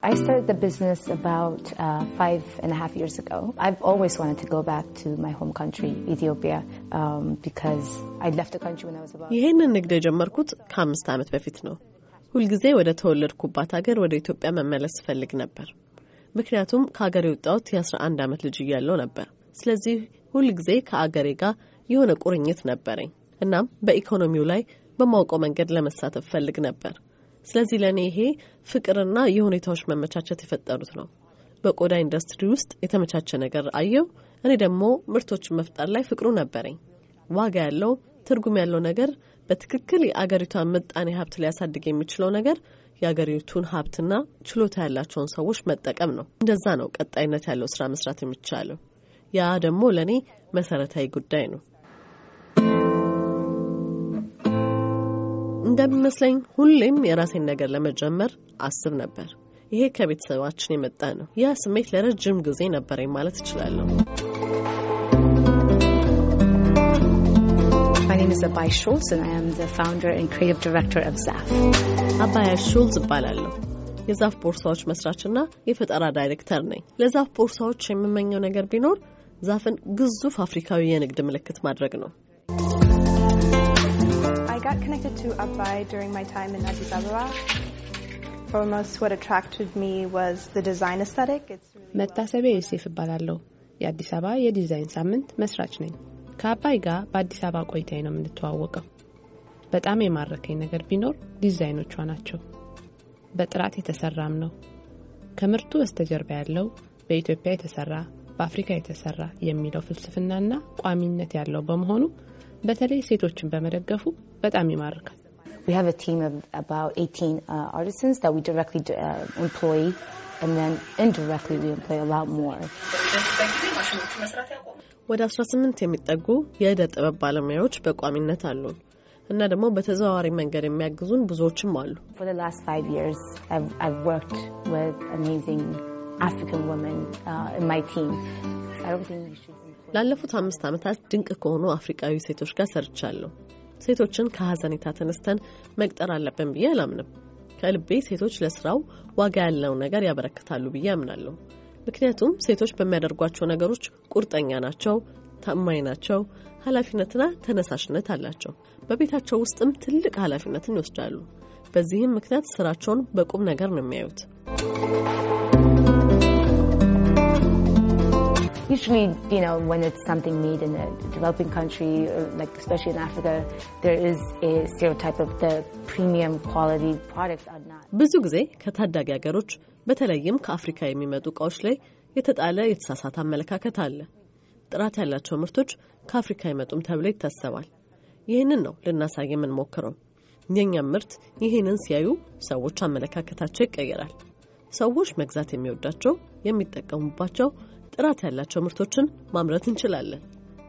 I started the business about uh, five and a half years ago. I've always wanted to go back to my home country, Ethiopia, um, because I left the country when I was about... ይህንን ንግድ የጀመርኩት ከአምስት ዓመት በፊት ነው። ሁልጊዜ ወደ ተወለድኩባት ሀገር ወደ ኢትዮጵያ መመለስ ፈልግ ነበር። ምክንያቱም ከሀገር የወጣሁት የ11 ዓመት ልጅ እያለው ነበር። ስለዚህ ሁልጊዜ ከአገሬ ጋር የሆነ ቁርኝት ነበረኝ። እናም በኢኮኖሚው ላይ በማውቀው መንገድ ለመሳተፍ ፈልግ ነበር። ስለዚህ ለእኔ ይሄ ፍቅርና የሁኔታዎች መመቻቸት የፈጠሩት ነው። በቆዳ ኢንዱስትሪ ውስጥ የተመቻቸ ነገር አየው። እኔ ደግሞ ምርቶችን መፍጠር ላይ ፍቅሩ ነበረኝ። ዋጋ ያለው ትርጉም ያለው ነገር በትክክል የአገሪቷን ምጣኔ ሀብት ሊያሳድግ የሚችለው ነገር የአገሪቱን ሀብትና ችሎታ ያላቸውን ሰዎች መጠቀም ነው። እንደዛ ነው ቀጣይነት ያለው ስራ መስራት የሚቻለው። ያ ደግሞ ለእኔ መሰረታዊ ጉዳይ ነው። እንደሚመስለኝ ሁሌም የራሴን ነገር ለመጀመር አስብ ነበር። ይሄ ከቤተሰባችን የመጣ ነው። ያ ስሜት ለረጅም ጊዜ ነበረኝ ማለት እችላለሁ። አባያ ሹልዝ እባላለሁ። የዛፍ ቦርሳዎች መስራችና የፈጠራ ዳይሬክተር ነኝ። ለዛፍ ቦርሳዎች የምመኘው ነገር ቢኖር ዛፍን ግዙፍ አፍሪካዊ የንግድ ምልክት ማድረግ ነው። got connected to Abai during my time in Addis Ababa. Foremost, what attracted me was the design aesthetic. መታሰቢያ ዮሴፍ እባላለሁ። የአዲስ አበባ የዲዛይን ሳምንት መስራች ነኝ። ከአባይ ጋር በአዲስ አበባ ቆይታዬ ነው የምንተዋወቀው። በጣም የማረከኝ ነገር ቢኖር ዲዛይኖቿ ናቸው። በጥራት የተሰራም ነው። ከምርቱ በስተጀርባ ያለው በኢትዮጵያ የተሰራ በአፍሪካ የተሰራ የሚለው ፍልስፍናና ቋሚነት ያለው በመሆኑ በተለይ ሴቶችን በመደገፉ በጣም ይማርካል። We have a team of about 18 uh, artisans that we directly uh, employ, and then indirectly we employ a lot more. ወደ 18 የሚጠጉ የእደ ጥበብ ባለሙያዎች በቋሚነት አሉን እና ደግሞ በተዘዋዋሪ መንገድ የሚያግዙን ብዙዎችም አሉ። For the last five years, I've, I've worked with amazing African women uh, in my team. I don't think you should. ላለፉት አምስት ዓመታት ድንቅ ከሆኑ አፍሪቃዊ ሴቶች ጋር ሰርቻለሁ። ሴቶችን ከሀዘኔታ ተነስተን መቅጠር አለብን ብዬ አላምንም። ከልቤ ሴቶች ለስራው ዋጋ ያለው ነገር ያበረክታሉ ብዬ አምናለሁ። ምክንያቱም ሴቶች በሚያደርጓቸው ነገሮች ቁርጠኛ ናቸው፣ ታማኝ ናቸው፣ ኃላፊነትና ተነሳሽነት አላቸው። በቤታቸው ውስጥም ትልቅ ኃላፊነትን ይወስዳሉ። በዚህም ምክንያት ስራቸውን በቁም ነገር ነው የሚያዩት። Usually, you know, when it's something made in a developing country, or like especially in Africa, there is a stereotype of the premium quality products are not. ብዙ ጊዜ ከታዳጊ ሀገሮች በተለይም ከአፍሪካ የሚመጡ እቃዎች ላይ የተጣለ የተሳሳተ አመለካከት አለ። ጥራት ያላቸው ምርቶች ከአፍሪካ አይመጡም ተብሎ ይታሰባል። ይህንን ነው ልናሳይ የምንሞክረው። የእኛም ምርት ይህንን ሲያዩ ሰዎች አመለካከታቸው ይቀየራል። ሰዎች መግዛት የሚወዳቸው የሚጠቀሙባቸው ጥራት ያላቸው ምርቶችን ማምረት እንችላለን።